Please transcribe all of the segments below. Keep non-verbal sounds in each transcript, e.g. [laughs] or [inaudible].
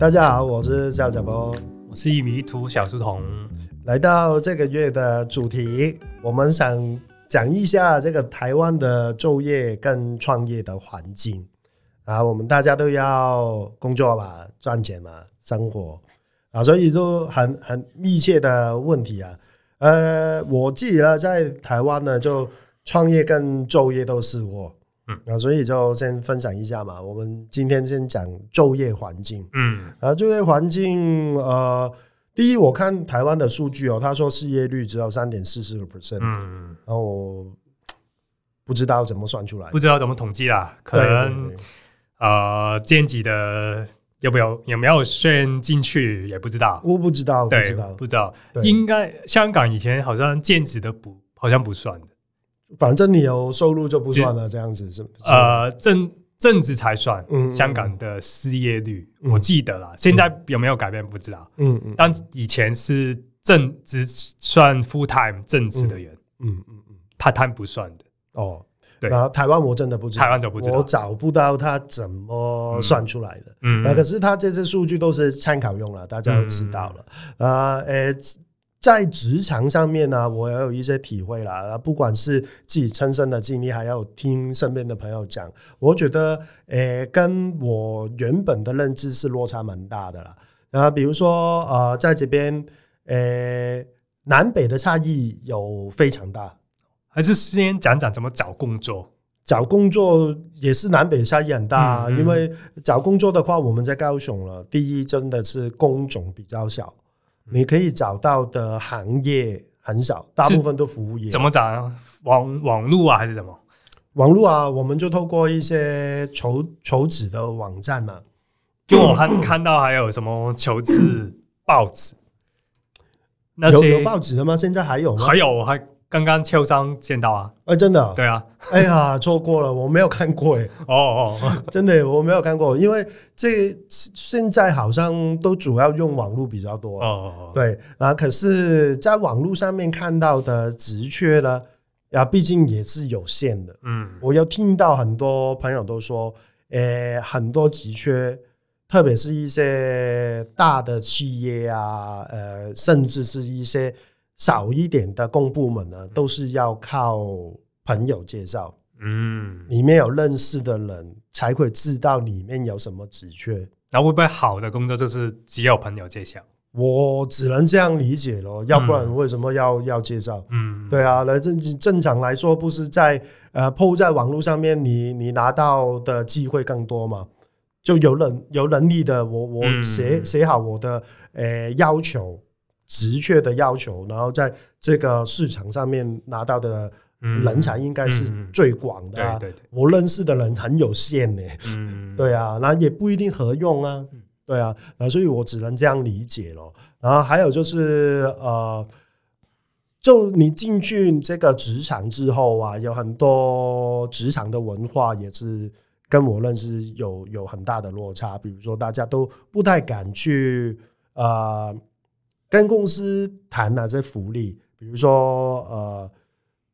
大家好，我是肖小，小波，我是一名圖小書童。來到這個月的主題，我們想講一下這個台灣的就業跟創業的環境啊。我們大家都要工作吧，賺錢嘛，生活啊，所以就很很密切的問題啊。呃，我自己呢，在台灣呢，就創業跟就業都是我。啊，所以就先分享一下嘛。我們今天先講就業環境。嗯，啊，就業環境，呃，第一，我看台灣的數據哦，他說失業率只有三點四四個 percent。嗯，然後，啊，不知道怎麼算出來，不知道怎麼統計啦，可能，對對對，呃，兼職的有沒有，有沒有算進去也不知道，我不知道，對，不知道，不知道，不知道，應該香港以前好像兼職的不，好像不算的。反正你有收入就不算了，這樣子是不是？呃，正職才算。嗯，香港的失業率、嗯、我記得啦、嗯，現在有沒有改變不知道。嗯嗯。但以前是正職算 full time 正職的人。嗯嗯嗯。part time 不算的。哦，對。然後台灣我真的不知道，台灣就不知道。我找不到他怎麼算出來的。嗯。那可是他這些數據都是參考用了，大家都知道了。啊、嗯，誒、呃。欸在職場上面呢，我也有一些體會啦，不管是自己親身的經歷，還有聽身邊的朋友講，我覺得，誒、欸，跟我原本的認知是落差蠻大的啦。啊，比如說，呃，在這邊，誒、欸，南北的差異有非常大。還是先講講怎麼找工作。找工作也是南北差異很大，嗯嗯，因為找工作的話，我們在高雄了，第一真的是工種比較小。你可以找到的行業很少，大部分都服務業。怎麼找啊？網網絡啊，還是什麼？網絡啊，我們就透過一些求求職的網站嘛、啊。因為我還看到還有什麼求職報紙， [laughs] 那些有，有報紙的嗎？現在還有嗎？還有還。剛剛邱章見到啊，欸、真的、啊，對啊，哎呀，錯過了，我沒有看過哎，哦哦，真的，我沒有看過，因為這現在好像都主要用網絡比較多，哦哦哦，對啊，可是在網絡上面看到的職缺呢，也、啊、畢竟也是有限的，嗯，我又聽到很多朋友都說、呃，很多職缺，特別是一些大的企業啊，呃，甚至是一些。少一點的公部門呢，都是要靠朋友介紹。嗯，裡面有認識的人才會知道裡面有什麼職缺。那會不會好的工作就是只有朋友介紹？我只能這樣理解嘍、嗯，要不然為什麼要、嗯、要介紹？嗯，對啊，那正正常來說，不是在呃 PO 在網路上面你，你你拿到的機會更多嘛？就有能有能力的我，我我寫寫好我的呃要求。直確的要求，然後在這個市場上面拿到的人才應該是最廣的，啊嗯嗯對對對。我認識的人很有限的，欸嗯、對啊，那也不一定合用啊。對啊，所以我只能這樣理解了。然後還有就是，呃，就你進去這個職場之後啊，有很多職場的文化也是跟我認識有有很大的落差。比如說，大家都不太敢去啊。呃跟公司談那些福利，比如說，呃，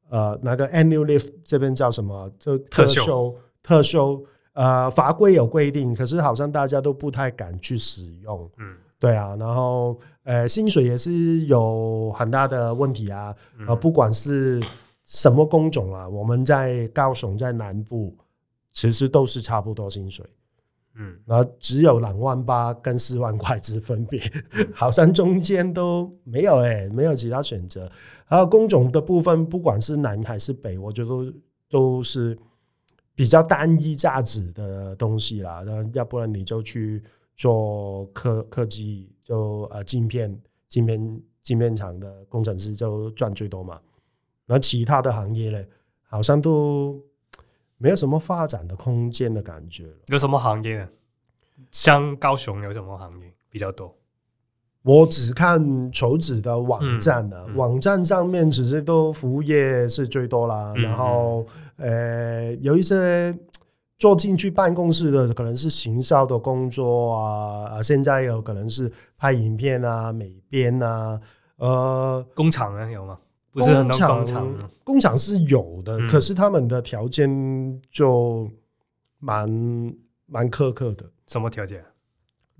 呃，那個 annual leave 這邊叫什麼？就特休，特休，呃，法規有規定，可是好像大家都不太敢去使用。嗯，對啊。然後，呃，薪水也是有很大的問題啊。嗯、呃，不管是什麼工種啊，我們在高雄，在南部，其實都是差不多薪水。嗯，然後只有兩萬八跟四萬塊之分別，好像中間都沒有哎、欸，沒有其他選擇。然後工種的部分，不管是南還是北，我覺得都是比較單一價值的東西啦。那要不然你就去做科科技，就呃晶片、晶片、晶片廠的工程師就賺最多嘛。那其他的行業嘞，好像都。沒有什麼發展的空間的感覺。有什麼行業？像高雄有什麼行業比較多？我只看求職的網站的，嗯嗯、網站上面，其實都服務業是最多啦。嗯、然後、嗯、呃，有一些坐進去辦公室的，可能是行銷的工作啊啊，現在有可能是拍影片啊、美編啊。呃，工廠呢、啊、有嗎？不是很多工廠。工廠是有的、嗯，可是他們的條件就蠻蠻苛刻的。什麼條件？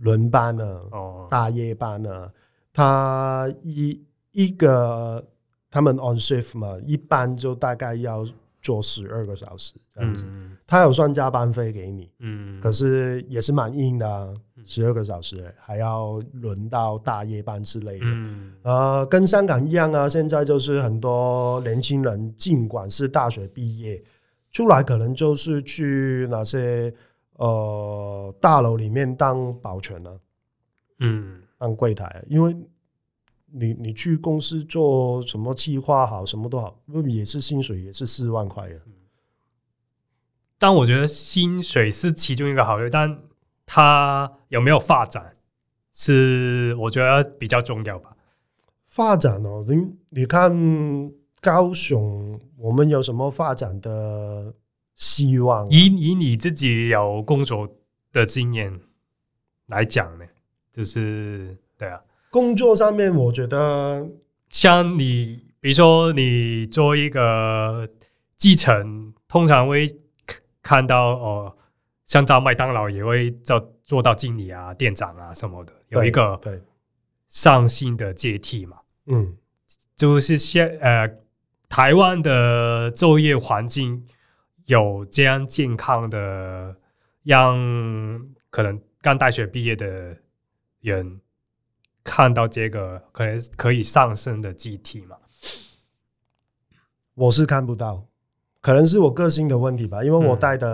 輪班呢、啊？哦，大夜班呢、啊？他一一個他們 on shift 嘛，一般就大概要做十二個小時這樣子。他、嗯、有算加班費給你。嗯，可是也是蠻硬的、啊。十二個小時，還要輪到大夜班之類的。嗯，呃，跟香港一樣啊，現在就是很多年輕人，儘管是大學畢業出來，可能就是去那些呃大樓裡面當保全了、啊、嗯，當櫃台，因為你你去公司做什麼企劃好，什麼都好，不也是薪水也是四萬塊啊？但我覺得薪水是其中一個好處，但他有沒有發展？是我覺得比較重要吧。發展哦，你你看高雄，我們有什麼發展的希望啊？以以你自己有工作的經驗來講呢，就是對啊。工作上面，我覺得像你，比如說你做一個基層，通常會看到哦。呃像在麥當勞也會做做到經理啊、店長啊什麼的，對，有一個上新的階梯嘛。嗯，就是像呃，台灣的就業環境有這樣健康的，讓可能剛大學畢業的人看到這個可能可以上升的階梯嘛。我是看不到。可能是我個性的問題吧，因為我帶的、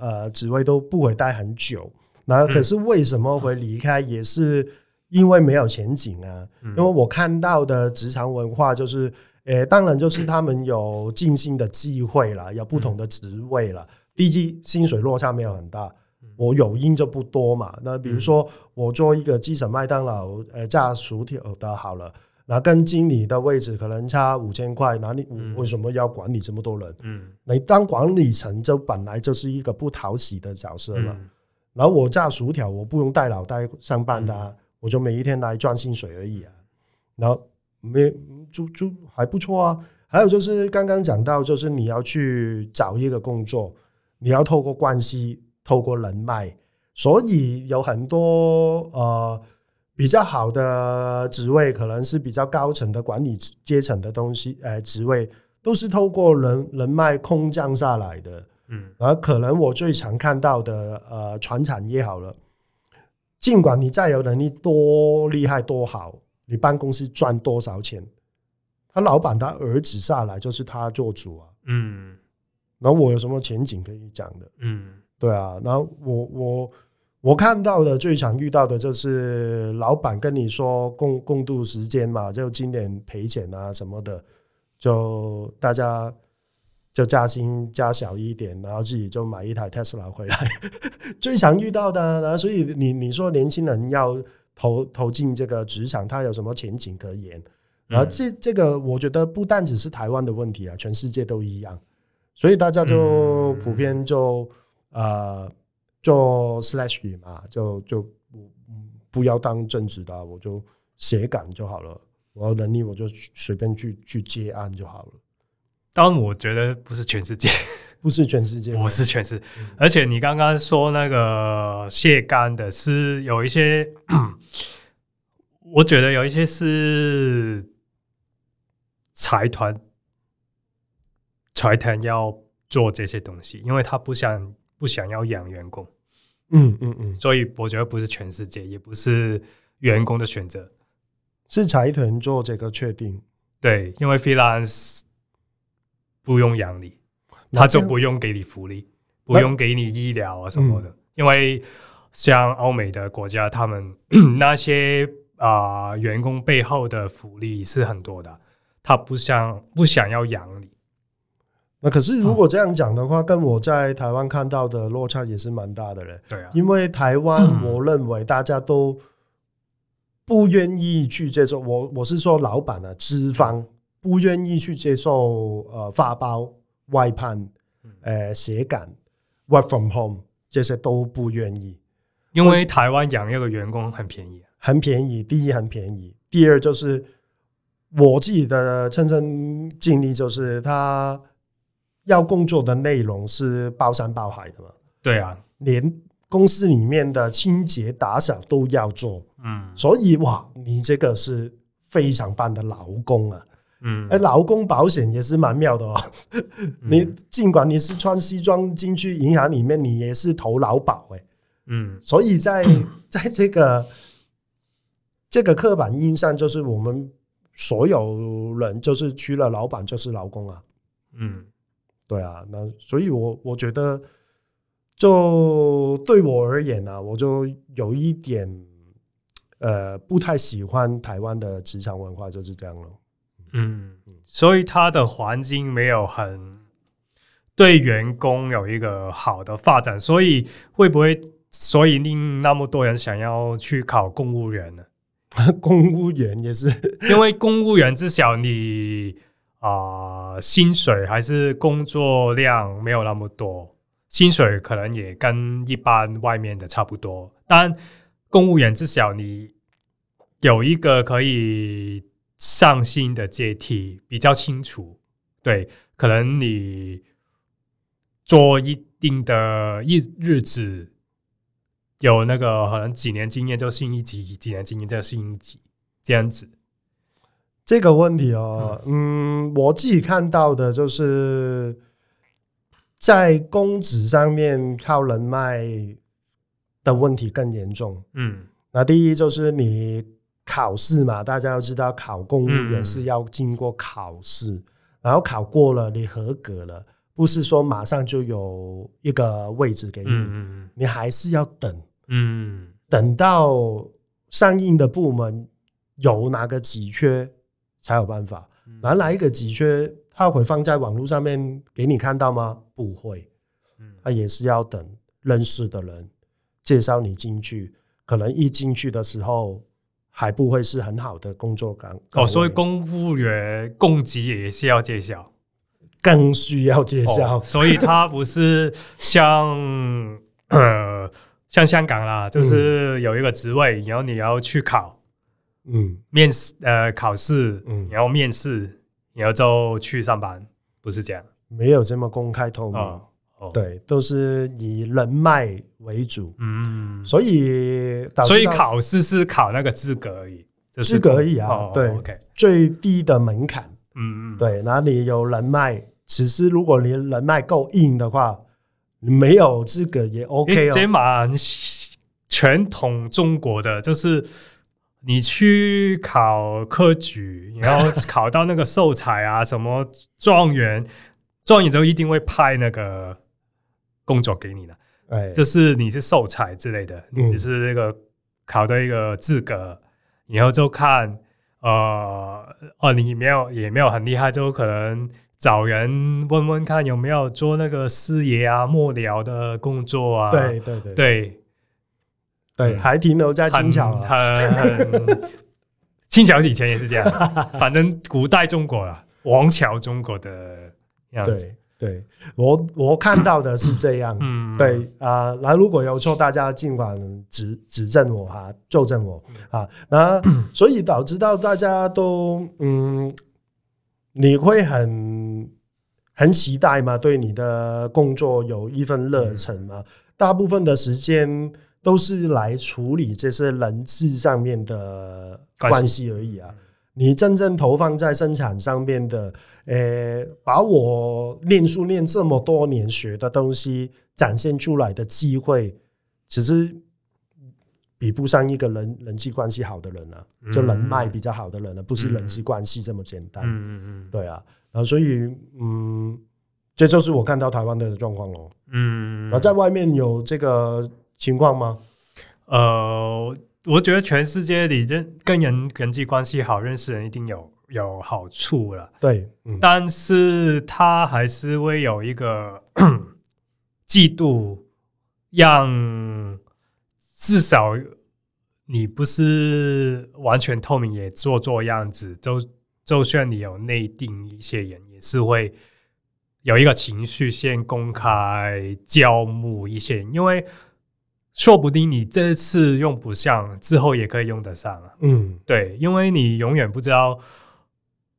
嗯、呃職位都不會待很久。那可是為什麼會離開？也是因為沒有前景啊。嗯、因為我看到的職場文化就是，誒、欸，當然就是他們有晉心的機會啦，有不同的職位啦。嗯、第一薪水落差沒有很大。我有因就不多嘛。那比如說我做一個基層麥當勞呃下屬體的好了。那跟經理的位置可能差五千塊，那你為什麼要管理這麼多人？嗯？你當管理層就本來就是一個不討喜的角色嘛，嗯。然後我炸薯條，我不用帶腦袋上班的、啊嗯，我就每一天來賺薪水而已啊。然後沒就就還不錯啊。還有就是剛剛講到，就是你要去找一個工作，你要透過關係、透過人脈，所以有很多呃。比較好的職位可能是比較高層的管理階層的東西，呃，職位都是透過人人脈空降下來的。嗯，而可能我最常看到的，呃，傳產業好了，儘管你再有能力多厲害多好，你辦公室賺多少錢，他老板他兒子下來就是他做主啊。嗯，然後我有什麼前景可以講的？嗯，對啊，然後我我。我看到的最常遇到的就是老闆跟你說共共體時艱嘛，就今年賠錢啊什麼的，就大家就加薪加少一點，然後自己就買一台特斯拉回來。 [laughs] 最常遇到的，啊，然後所以你你說年輕人要投投進這個職場，他有什麼前景可言？嗯、然後這這個我覺得不但只是台灣的問題啊，全世界都一樣，所以大家就普遍就啊。嗯呃做 slash 嘛，就就，不不要當正職的啊，我就寫稿就好了。我能力我就隨便去去接案就好了。當我覺得不是全世界，不是全世界，不是全世界，不是全世界，而且你剛剛說那個寫稿的，是有一些，我覺得有一些是財團財團要做這些東西，因為他不想不想要養員工。嗯嗯嗯，所以我覺得不是全世界，也不是員工的選擇，是財團做這個確定。對，因為 freelance 不用養你，他就不用給你福利，不用給你醫療啊什麼的。因為像歐美的國家，他們 [coughs] 那些啊、呃、員工背後的福利是很多的，他不想不想要養你。那可是，如果這樣講的話、啊，跟我在台灣看到的落差也是蠻大的。耶，對啊，因為台灣，我認為大家都不願意去接受。我、嗯、我是說，老板啊，資方，嗯、不願意去接受呃發包外判，誒、呃，協感 work from home 這些都不願意。因為台灣養一個員工很便宜、啊，很便宜。第一很便宜，第二就是我自己的親身經歷，就是他。要工作的內容是包山包海的嘛？對啊，連公司裡面的清潔打掃都要做。嗯，所以哇，你這個是非常棒的勞工啊。嗯，哎、欸，勞工保險也是蠻妙的哦。 [laughs] 你盡、嗯、管你是穿西裝進去銀行裡面，你也是投勞保哎、欸。嗯，所以在在這個 [laughs] 這個刻板印象，就是我們所有人，就是除了老闆就是勞工啊。嗯。對啊，那所以我，我我覺得，就對我而言呢、啊，我就有一點，呃，不太喜歡台灣的職場文化，就是這樣咯。嗯，所以它的環境沒有很對員工有一個好的發展，所以會不會，所以令那麼多人想要去考公務員呢？公務員也是，因為公務員至少你。啊、呃，薪水還是工作量沒有那麼多，薪水可能也跟一般外面的差不多。但公務員至少你有一個可以上薪的階梯，比較清楚。對，可能你做一定的日日子，有那個可能幾年經驗就升一級，幾年經驗就升一級，這樣子。這個問題哦嗯，嗯，我自己看到的就是在公職上面靠人脈的問題更嚴重。嗯，那第一就是你考試嘛，大家要知道考公務員是要經過考試，嗯，然後考過了你合格了，不是說馬上就有一個位置給你，嗯，你還是要等。嗯，等到相應的部門有哪個急缺。才有辦法。哪來一個職缺他會放在網絡上面給你看到嗎？不會，嗯，他也是要等認識的人介紹你進去。可能一進去的時候還不會是很好的工作崗位哦，所以公務員公職也是要介紹，更需要介紹、哦。所以它不是像 [laughs] 呃像香港啦，就是有一個職位、嗯，然後你要去考。嗯，面試呃考試，嗯，然後面試，然後就去上班，不是這樣，沒有這麼公開透明，哦哦、對，都是以人脈為主，嗯，所以所以考試是考那個資格而已，資格而已、就是、資格而已啊，哦、對、哦 okay，最低的門檻，嗯嗯，對，那你有人脈，只是如果你人脈夠硬的話，沒有資格也 OK 哦，欸、這蠻傳統中國的，就是。你去考科舉，然後考到那個秀才啊， [laughs] 什麼狀元，狀元就一定會派那個工作給你的。哎，就是你是秀才之類的，只、嗯就是那個考的一個資格，然後就看呃，哦、啊，你沒有也沒有很厲害，就可能找人問問看有沒有做那個師爺啊、幕僚的工作啊。對對對，對。對，還停留在清朝很，很，很 [laughs] 清朝以前也是這樣， [laughs] 反正古代中國啊，王朝中國的樣子 [laughs] 對。對，我我看到的是這樣。嗯、對啊，那、呃、如果有錯，大家儘管指指正我哈，糾正我啊。那、啊、所以導致到大家都嗯，你會很很期待嘛？對你的工作有一份熱忱嘛、嗯？大部分的時間。都是來處理這些人事上面的關係而已啊！你真正投放在生產上面的，呃，把我念書念這麼多年學的東西展現出來的機會，其實比不上一個人人際關係好的人啊，就人脈比較好的人啊，不是人際關係這麼簡單。對啊，然後所以嗯，這就是我看到台灣的狀況嘍。嗯，然後在外面有這個。情況嗎？呃，我覺得全世界裡人跟人人際關係好，認識人一定有有好處了。對、嗯，但是他還是會有一個嫉妒，讓至少你不是完全透明，也做做樣子。都就，就算你有內定一些人，也是會有一個情緒先公開招募一些，因為。說不定你這次用不上，之後也可以用得上了。嗯，對，因為你永遠不知道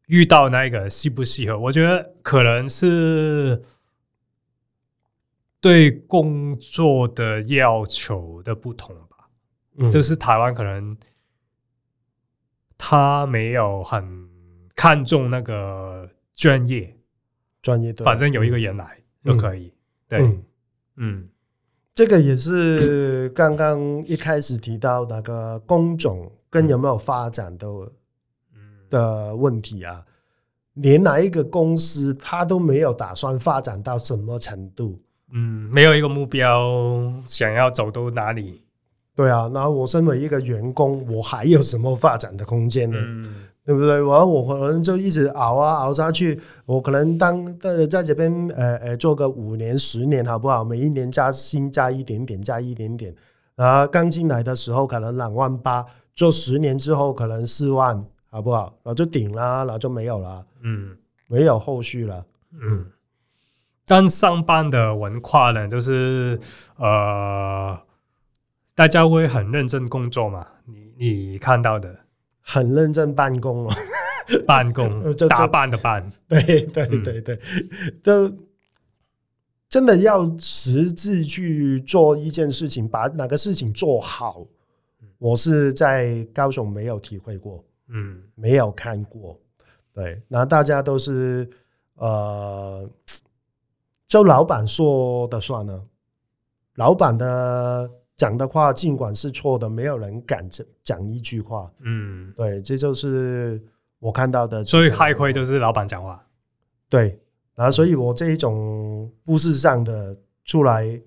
遇到那個適不適合。我覺得可能是對工作的要求的不同吧。嗯，就是台灣可能他沒有很看重那個專業，專業，反正有一個人來就可以。嗯。對，嗯。對。嗯這個也是剛剛一開始提到那個工種跟有沒有發展的，的問題啊。連哪一個公司，他都沒有打算發展到什麼程度？嗯，沒有一個目標，想要走到哪裡？對啊，那我身為一個員工，我還有什麼發展的空間呢？對不對？我我可能就一直熬啊熬下去。我可能當在在這邊呃呃做個五年十年，好不好？每一年加薪加一點點，加一點點。然後，呃，剛進來的時候可能兩萬八，做十年之後可能四萬，好不好？然後就頂了，然後就沒有了。嗯，沒有後續了。嗯，但，嗯，上班的文化呢，就是呃，大家會很認真工作嘛？你你看到的？很認真辦公了，辦公， [laughs] 就打辦的辦，對對對對、嗯，都真的要實質去做一件事情，把哪個事情做好，我是在高雄沒有體會過，嗯，沒有看過，對，那大家都是呃，就老闆說的算呢，老闆的。講的話儘管是錯的，沒有人敢講一句話。嗯，對，這就是我看到的。所以開會就是老闆講話，對。然後，所以我這一種不是上的出來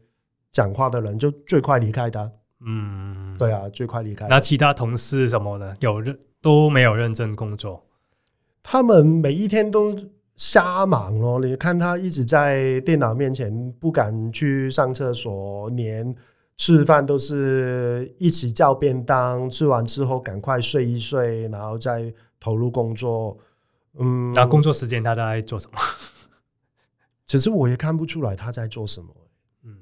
講話的人，就最快離開他。嗯，對啊，最快離開。那、嗯、其他同事什麼呢？有認都沒有認真工作，他們每一天都瞎忙哦。你看他一直在電腦面前，不敢去上廁所，連。吃飯都是一起叫便當，吃完之後趕快睡一睡，然後再投入工作。嗯，那工作時間他大概在做什麼？其實我也看不出來他在做什麼。嗯，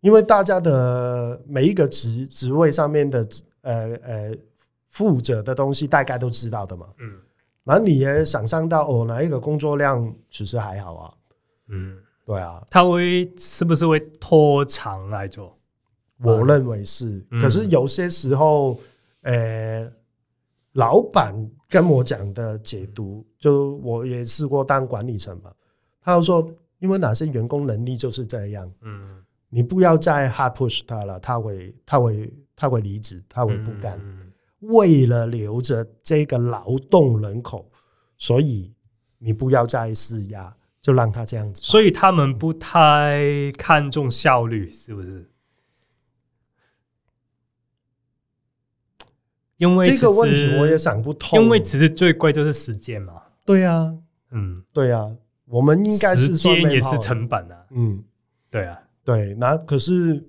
因為大家的每一個職職位上面的呃呃負責的東西大概都知道的嘛。嗯，然後你也想象到哦，哪一個工作量其實還好啊。嗯，對啊，他會是不是會拖長來做？我認為是，可是有些時候，嗯、呃，老闆跟我講的解讀，就我也試過當管理層嘛，他就說，因為哪些員工能力就是這樣，嗯，你不要再 hard push 他了，他會，他會，他會離職，他會不幹、嗯。為了留着這個勞動人口，所以你不要再施壓，就讓他這樣子。所以他們不太看重效率，是不是？因為這個問題我也想不通。因為其實最貴就是時間嘛。對呀、啊，嗯，對呀、啊，我們應該是時間也是成本啊。嗯，對啊，對，那可是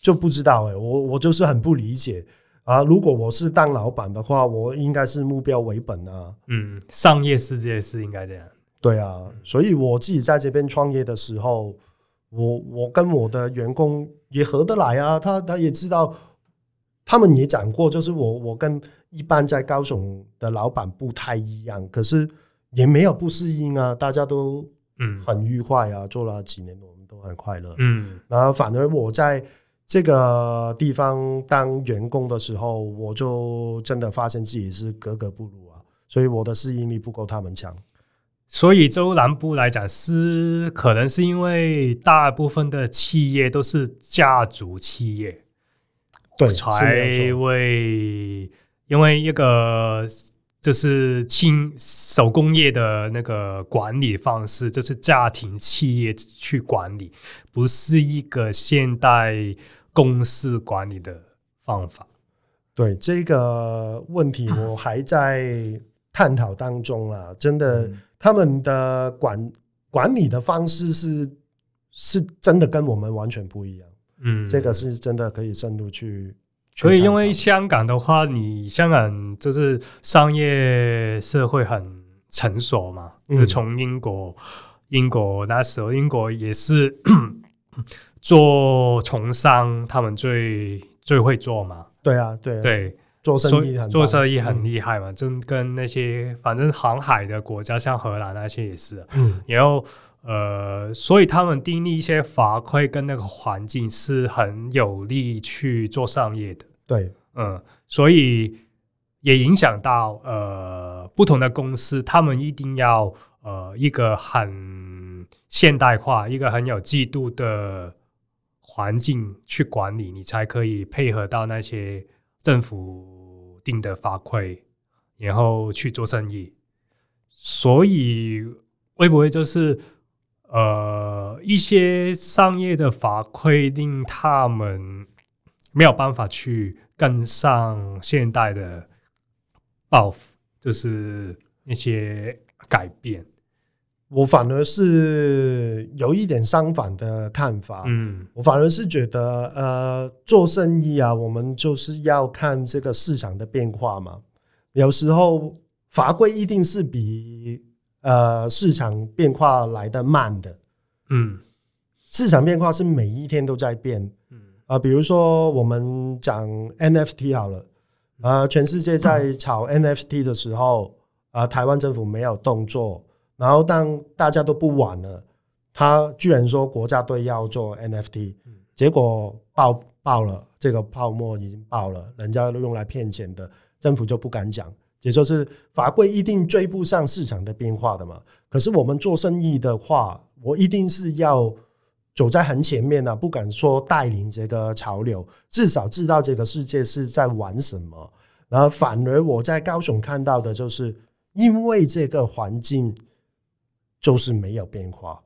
就不知道哎、欸，我我就是很不理解啊。如果我是當老闆的話，我應該是目標為本啊。嗯，商業世界是應該這樣。對啊，所以我自己在這邊創業的時候，我我跟我的員工也合得來啊，他他也知道。他們也講過，就是我我跟一般在高雄的老板不太一樣，可是也沒有不適應啊，大家都嗯很愉快啊、嗯，做了幾年我們都很快樂，嗯，然後反而我在這個地方當員工的時候，我就真的發現自己是格格不入啊，所以我的適應力不夠他們強。所以中南部來講，是可能是因為大部分的企業都是家族企業。對，因為因為一個就是輕手工業的那個管理方式，就是家庭企業去管理，不是一個現代公司管理的方法對。對這個問題，我還在探討當中啊，真的，嗯、他們的管管理的方式是是真的跟我們完全不一樣。嗯，這個是真的可以深入去。所以，因為香港的話，你香港就是商業社會很成熟嘛，嗯、就從、是、英國，英國那時候，英國也是 [coughs] 做從商，他們最最會做嘛。對啊，對啊對。做生意，做生意很厲害嘛，真、嗯、跟那些反正航海的國家，像荷蘭那些也是。嗯，然後呃，所以他們訂立一些法規跟那個環境是很有利去做商業的。對，嗯，所以也影響到呃不同的公司，他們一定要呃一個很現代化、一個很有制度的環境去管理，你才可以配合到那些政府。定的法規，然後去做生意，所以會不會就是呃一些商業的法規令他們沒有辦法去跟上現代的報復，就是一些改變。我反而是有一點相反的看法，嗯，我反而是覺得，呃，做生意啊，我們就是要看這個市場的變化嘛。有時候法規一定是比呃市場變化來得慢的，嗯，市場變化是每一天都在變，嗯啊，比如說我們講 NFT 好了，啊，全世界在炒 NFT 的時候，啊，台灣政府沒有動作。然後，當大家都不玩了，他居然說國家隊要做 NFT，結果爆爆了，這個泡沫已經爆了，人家都用來騙錢的，政府就不敢講，也就是法規一定追不上市場的變化的嘛。可是我們做生意的話，我一定是要走在很前面的啊，不敢說帶領這個潮流，至少知道這個世界是在玩什麼。然後，反而我在高雄看到的就是，因為這個環境。就是沒有變化，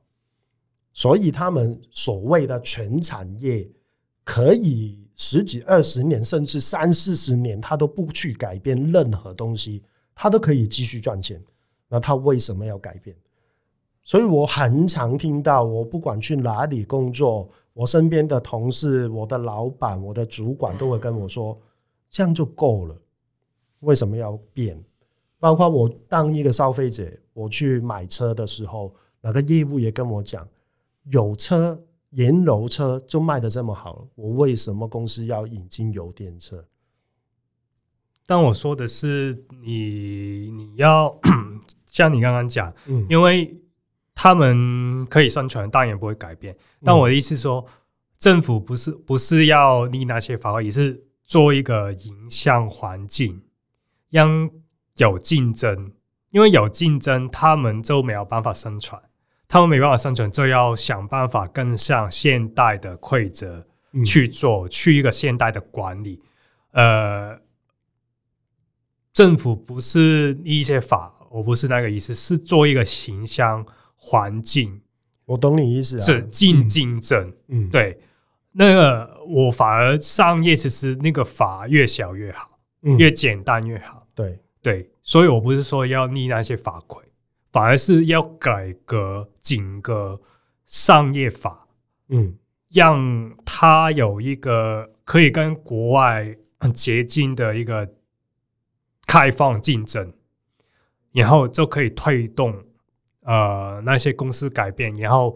所以他們所謂的全產業可以十幾二十年，甚至三四十年，他都不去改變任何東西，他都可以繼續賺錢。那他為什麼要改變？所以我很常聽到，我不管去哪裡工作，我身邊的同事、我的老闆、我的主管都會跟我說：“這樣就夠了，為什麼要變？”包括我當一個消費者，我去買車的時候，那個業務也跟我講，油車、燃油車就賣的這麼好，我為什麼公司要引進油電車？但我說的是你，你你要像你剛剛講，因為他們可以生存，但也不會改變、嗯。但我的意思是說，政府不是不是要立那些法規，也是做一個影響環境讓。有競爭，因為有競爭，他們就沒有辦法生存。他們沒辦法生存，就要想辦法更像現代的規則去做，嗯，去一個現代的管理。呃，政府不是立一些法，我不是那個意思，是做一個營商環境。我懂你意思，啊，是競競爭。嗯，對。那個我反而商業其實那個法越小越好，嗯，越簡單越好。嗯，對。對，所以我不是說要逆那些法規，反而是要改革整個商業法，嗯，讓它有一個可以跟國外接近的一個開放競爭，然後就可以推動呃那些公司改變，然後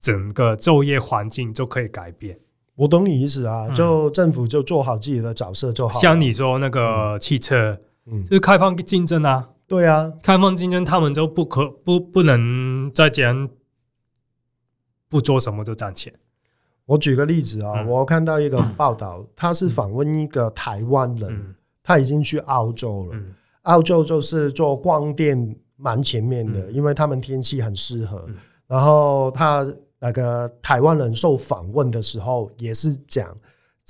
整個就業環境就可以改變。我懂你意思啊，就政府就做好自己的角色就好。嗯。像你說那個汽車。嗯嗯，就是開放競爭啊，對啊，開放競爭，他們就不可不不能再講不做什麼就賺錢。我舉個例子啊、哦嗯，我看到一個報道、嗯嗯，他是訪問一個台灣人、嗯，他已經去澳洲了。嗯、澳洲就是做光電蠻前面的、嗯，因為他們天氣很適合、嗯。然後他那個台灣人受訪問的時候也是講。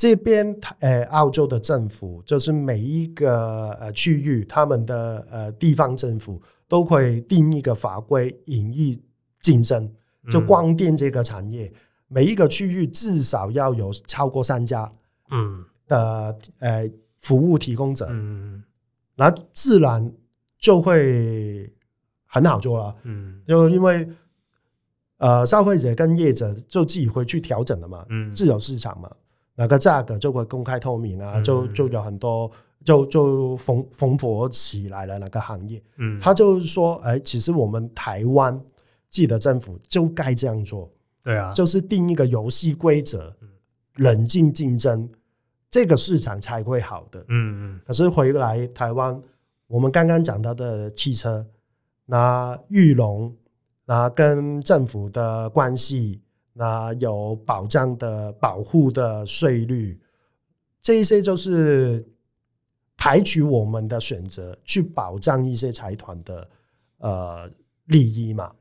這邊，呃，澳洲的政府就是每一個、呃、區域，他們的、呃、地方政府都會定一個法規，引入競爭。就光電這個產業，嗯、每一個區域至少要有超過三家的，的、嗯呃、服務提供者，那、嗯、自然就會很好做了、啊嗯，就因為消費者跟業者就自己回去調整了嘛、嗯，自由市場嘛。那個價格就會公開透明啊，就就有很多，就就蓬蓬勃起來了那個行業。嗯，他就是說，哎，其實我們台灣，記得政府就該這樣做，對啊，就是定一個遊戲規則，冷靜競爭，這個市場才會好的。嗯嗯。可是回來台灣，我們剛剛講到的汽車，那裕隆，那跟政府的關係。那有保障的、保護的稅率，這一些就是排除我們的選擇，去保障一些財團的呃利益嘛。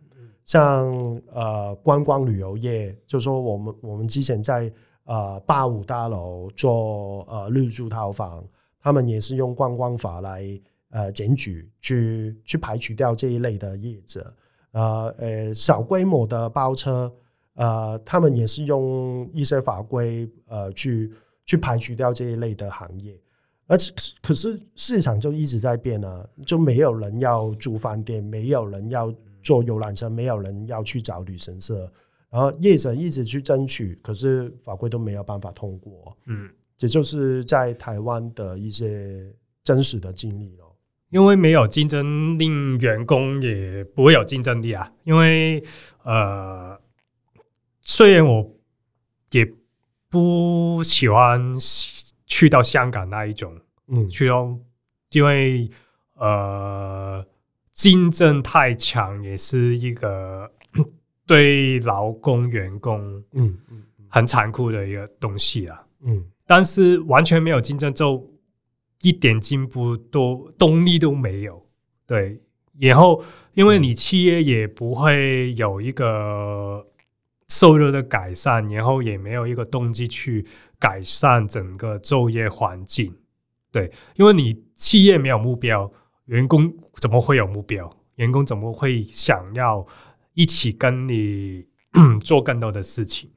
像呃觀光旅遊業，就說我們我們之前在呃八五大樓做呃日租套房，他們也是用觀光法來呃檢舉去去排除掉這一類的業者。呃呃，小規模的包車。呃、他們也是用一些法規，呃，去去排除掉這一類的行業。而且，可是市場就一直在變啊，就沒有人要租飯店，沒有人要坐遊覽車，沒有人要去找旅行社。然後業者一直去爭取，可是法規都沒有辦法通過。嗯，也就是在台灣的一些真實的經歷咯、哦。因為沒有競爭，令員工也不會有競爭力啊。因為呃。雖然我也不喜歡去到香港那一種，嗯，去到因為呃競爭太強，也是一個對勞工員工嗯很殘酷的一個東西啊，嗯，嗯，但是完全沒有競爭，就一點進步都動力都沒有，對，然後因為你企業也不會有一個。收入的改善，然後也沒有一個動機去改善整個就業環境，對，因為你企業沒有目標，員工怎麼會有目標？員工怎麼會想要一起跟你 [coughs] 做更多的事情？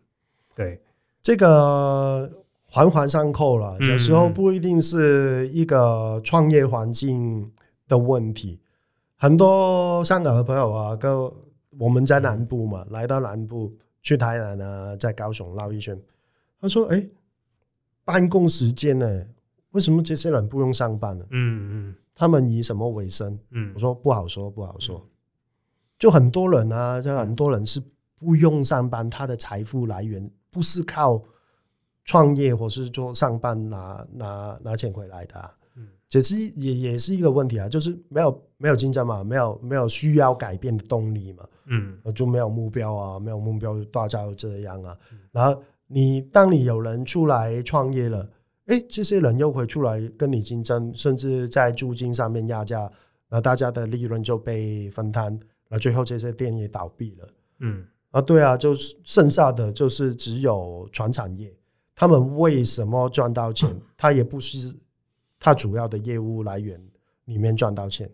對，這個環環相扣了，有時候不一定是一個創業環境的問題。嗯、很多香港的朋友啊，跟我們在南部嘛，嗯、來到南部。去台南呢、啊，在高雄繞一圈。他說：“哎、欸，辦公時間呢、欸？為什麼這些人不用上班呢、啊？嗯嗯，他們以什麼為生？嗯、我說不好說，不好說、嗯。就很多人啊，就很多人是不用上班、嗯，他的財富來源不是靠創業或是做上班拿拿拿錢回來的、啊。”也是也也是一個問題啊，就是沒有沒有競爭嘛，沒有沒有需要改變的動力嘛，嗯，就沒有目標啊，沒有目標，大家就這樣啊。然後你當你有人出來創業了，哎、欸，這些人又會出來跟你競爭，甚至在租金上面壓價，那大家的利潤就被分攤，那最後這些店也倒閉了，嗯啊，對啊，就是剩下的就是只有傳產業，他們為什麼賺到錢、嗯？他也不需要。他主要的業務來源裡面賺到錢，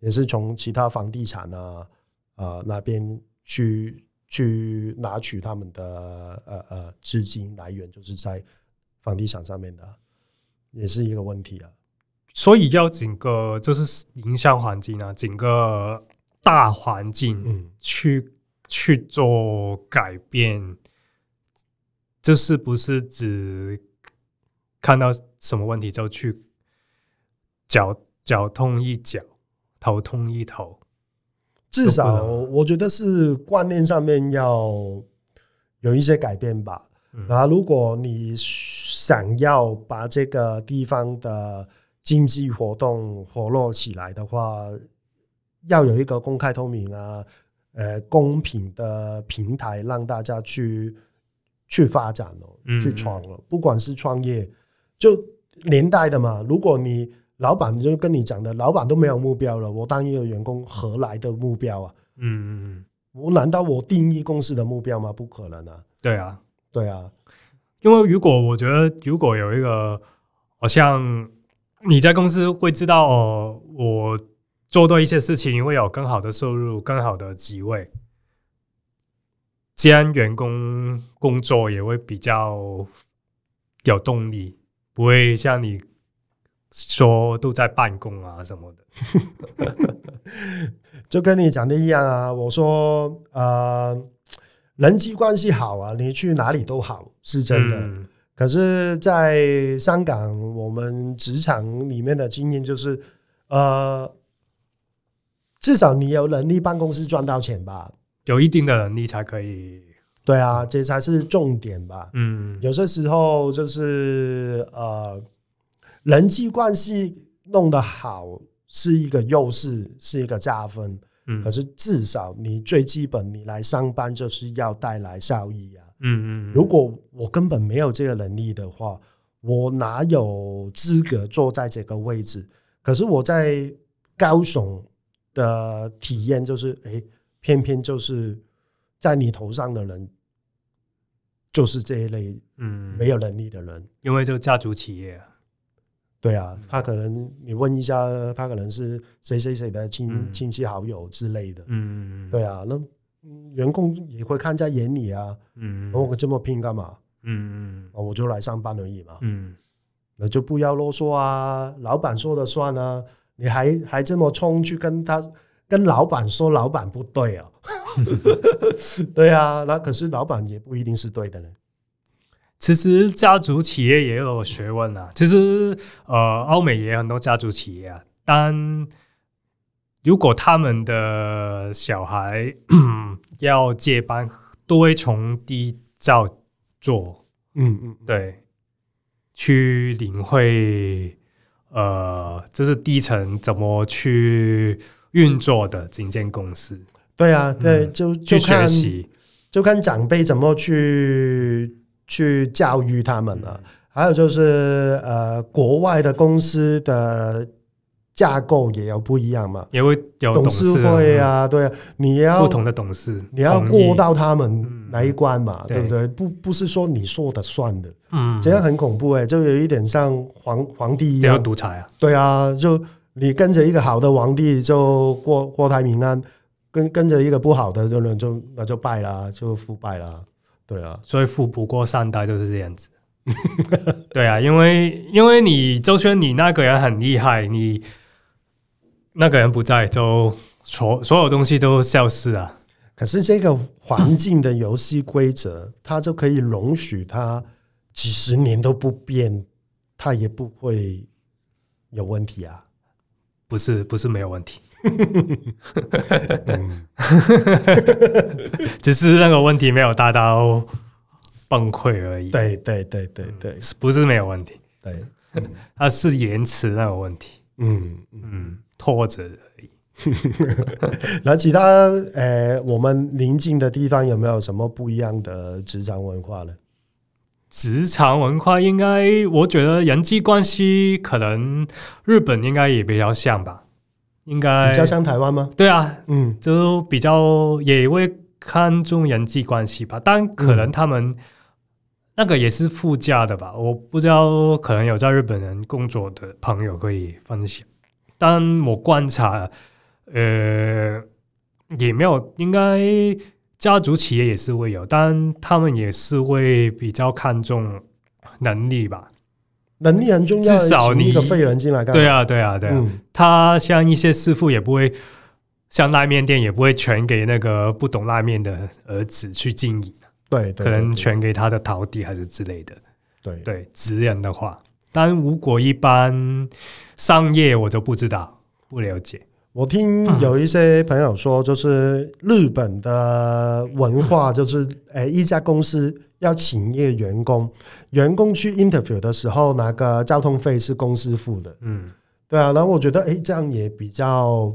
也是從其他房地產啊啊、呃、那邊去去拿取他們的呃呃資金來源，就是在房地產上面的，也是一個問題啊。所以要整個就是營銷環境啊，整個大環境去、嗯、去做改變，這、就是不是指看到什麼問題就去，腳腳痛醫腳，頭痛醫頭。至少我覺得是觀念上面要有一些改變吧。那、嗯、如果你想要把這個地方的經濟活動活絡起來的話，要有一個公開透明啊、呃公平的平台，讓大家去去發展、喔、去闖、喔、不管是創業，就年代的嘛，嗯、如果你。老闆就跟你講的，老闆都沒有目標了，我當一個員工何來的目標啊？嗯嗯嗯，我難道我定義公司的目標嗎？不可能啊！對啊，嗯，對啊，因為如果我覺得，如果有一個，好像你在公司會知道，哦，我做多一些事情會有更好的收入，更好的職位，既然員工工作也會比較有動力，不會像你。說都在辦公啊什麼的 [laughs] 就跟你講的一樣啊。我說，呃，人際關係好啊，你去哪裡都好，是真的。嗯、可是，在香港，我們職場裡面的經驗就是，呃，至少你有能力辦公室賺到錢吧？有一定的能力才可以。對啊，這才是重點吧。嗯，有些時候就是呃。人際關係弄得好是一個優勢，是一個加分，嗯。可是至少你最基本，你來上班就是要帶來效益啊。嗯嗯。如果我根本沒有這個能力的話，我哪有資格坐在這個位置？可是我在高雄的體驗就是，哎，欸，偏偏就是在你頭上的人，就是這一類嗯沒有能力的人，嗯，因為這個家族企業啊。對啊，他可能你問一下，他可能是誰誰誰的親、嗯、親戚好友之類的、嗯。對啊，那員工也會看在眼裡啊。嗯，哦、我這麼拼幹嘛？嗯、哦、我就來上班而已嘛。嗯，那就不要囉嗦啊，老闆說了算啊。你還還這麼衝去跟他跟老闆說老闆不對啊？ [laughs] [laughs] 對啊，那可是老闆也不一定是對的呢。其實家族企業也有學問啊。其實，呃，歐美也有很多家族企業啊。但如果他們的小孩要接班，都會從低照做，嗯嗯，對，去領會，呃，這、就是低層怎麼去運作的這間公司。對啊，對，嗯、就就看去學習，就看長輩怎麼去。去教育他們了、啊，還有就是呃，國外的公司的架構也有不一樣嘛，也會有董事會啊，嗯、對啊，你要不同的董事，你要過到他們那一關嘛，對不對？不不是說你說的算的，嗯，這樣很恐怖哎、欸，就有一點像皇皇帝一樣這樣獨裁啊，對啊，就你跟着一個好的皇帝，就郭郭台銘啊；跟跟着一個不好的人就，就就那就敗啦，就腐敗啦。對啊，所以富不過三代就是這樣子。 [laughs] [laughs] 對啊，因為因為你周旋，你那個人很厲害，你那個人不在，就所所有東西都消失了。可是這個環境的遊戲規則， [laughs] 它就可以容許它幾十年都不變，它也不會有問題啊。不是，不是沒有問題。 [laughs] 嗯、 [laughs] 只是那個問題沒有大到崩潰而已。對對對對對、嗯，不是沒有問題，對，它、嗯、是延遲那個問題。嗯嗯，拖着而已。那 [laughs] 其他呃，我們鄰近的地方有沒有什麼不一樣的職場文化呢？職場文化應該，我覺得人際關係可能日本應該也比較像吧。應該家鄉像台灣嗎？對啊，嗯，就比較也會看重人際關係吧，但可能他們那個也是附加的吧，我不知道，可能有在日本人工作的朋友可以分享。但我觀察，呃，也沒有，應該家族企業也是會有，但他們也是會比較看重能力吧。能力很重要，至少你一個廢人進來幹。對啊，對啊，對啊、嗯。他像一些師傅也不會，像拉麵店也不會全給那個不懂拉麵的兒子去經營。對，對，對，對，可能全給他的徒弟還是之類的。對對，對，職人的話，但如果一般商業我就不知道，不了解。我聽有一些朋友說，就是日本的文化，就是誒，一家公司要請一個員工，員工去 interview 的時候，那個交通費是公司付的。嗯，對啊，然後我覺得，誒，這樣也比較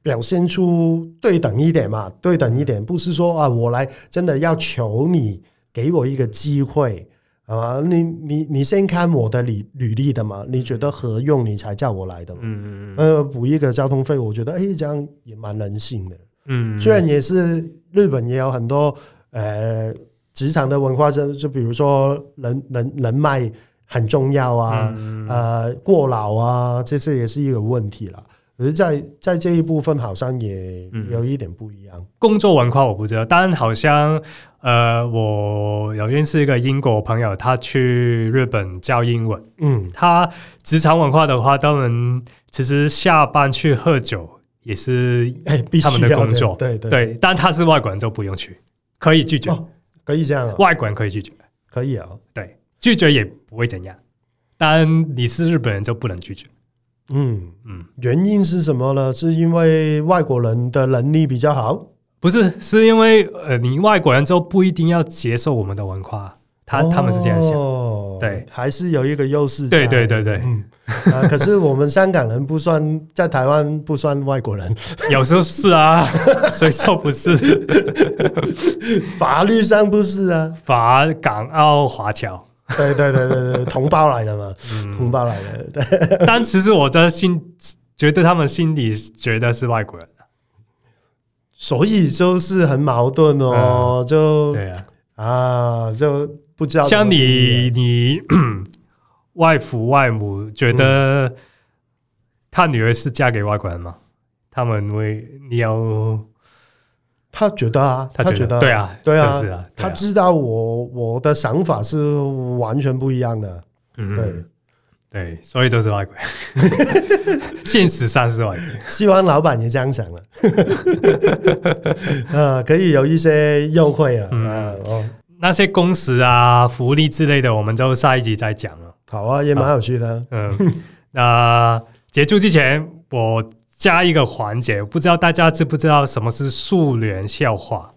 表現出對等一點嘛，對等一點，不是說啊，我來真的要求你給我一個機會。啊，你你你先看我的履履歷的嘛，你覺得合用你才叫我來的嘛。嗯嗯嗯。呃，補一個交通費，我覺得誒、欸，這樣也蠻人性的。嗯，嗯，嗯，嗯。雖然也是日本也有很多呃職場的文化，就就比如說人人人脈很重要啊，嗯嗯嗯嗯嗯呃過勞啊，這些也是一個問題了。而在在這一部分，好像也，也有一點不一樣。嗯嗯。工作文化我不知道，但好像。呃，我有認識一個英國朋友，他去日本教英文。嗯，他職場文化的話，當然其實下班去喝酒也是哎，他們的工作，okay, 對對對，對。但他是外國人，就不用去，可以拒絕，哦、可以這樣、哦。外國人可以拒絕，可以啊、哦。對，拒絕也不會怎樣。但你是日本人，就不能拒絕。嗯嗯，原因是什麼呢？是因為外國人的能力比較好。不是，是因為呃，你外國人之後不一定要接受我們的文化，他、哦、他們是這樣想，對，還是有一個優勢。對對對對、嗯 [laughs] 呃，可是我們香港人不算在台灣不算外國人，有時候是啊， [laughs] 所以說不是？ [laughs] 法律上不是啊，法港澳華僑， [laughs] 對對對對對，同胞來的嘛。同胞來的、嗯。但其實我真心覺得他們心裡覺得是外國人。所以就是很矛盾哦，嗯、就對啊，啊就不知道、啊、像你你 [coughs] 外父外母覺得他女兒是嫁給外國人嗎？他們會你要他覺得啊，他覺得，他覺得啊對啊，對啊、就是、啊對啊，他知道我我的想法是完全不一樣的，嗯嗯。對對，所以就是外鬼，現實上是外鬼。希望老板也這樣想了、 [laughs] [laughs] [laughs] 嗯，呃、 [laughs] 嗯，可以有一些優惠啊，嗯，那些工時啊、福利之類的，我們就下一集再講了。好啊，也蠻有趣的、啊。 [laughs] 嗯，那、呃、結束之前，我加一個環節，不知道大家知不知道什麼是蘇聯笑話、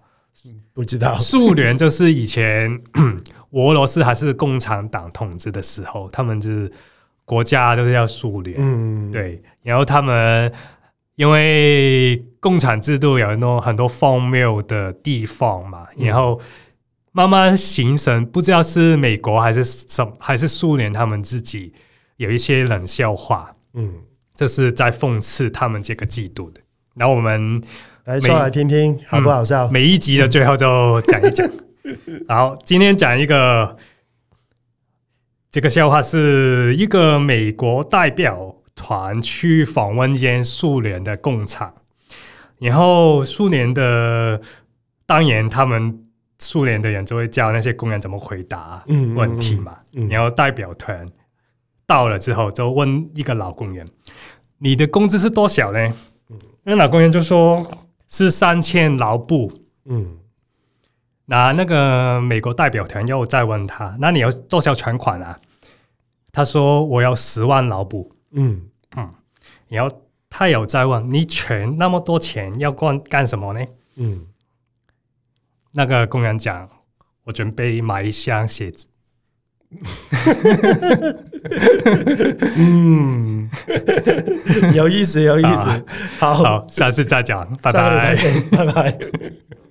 嗯？不知道。蘇聯，就是以前 [coughs] 俄羅斯還是共產黨統治的時候，他們、就是。國家都是叫蘇聯，嗯，對。然後他們因為共產制度有那很多荒謬的地方嘛、嗯，然後慢慢形成，不知道是美國還是什，還是蘇聯他們自己有一些冷笑話，嗯，這是在諷刺他們這個制度的。然後我們來說來聽聽、嗯、好不好笑？每一集的最後就講一講。好、嗯， [laughs] 今天講一個。這個笑話是一個美國代表團去訪問間蘇聯的工廠，然後蘇聯的，當然他們蘇聯的人就會教那些工人怎麼回答問題嘛。嗯嗯嗯、然後代表團到了之後，就問一個老工人、嗯：“你的工資是多少呢？”嗯、那老工人就說：“是三千盧布。”嗯，那那個美國代表團又再問他：“那你要多少存款啊？”他說：“我要十萬勞補。”嗯嗯，然後他有在問，你存那麼多錢要幹幹什麼呢？嗯，那個工人講：“我準備買一箱鞋子。”嗯，有意思，有意思。好，好， [laughs] 下次再講， [laughs] 再講 [laughs] 拜拜，拜拜。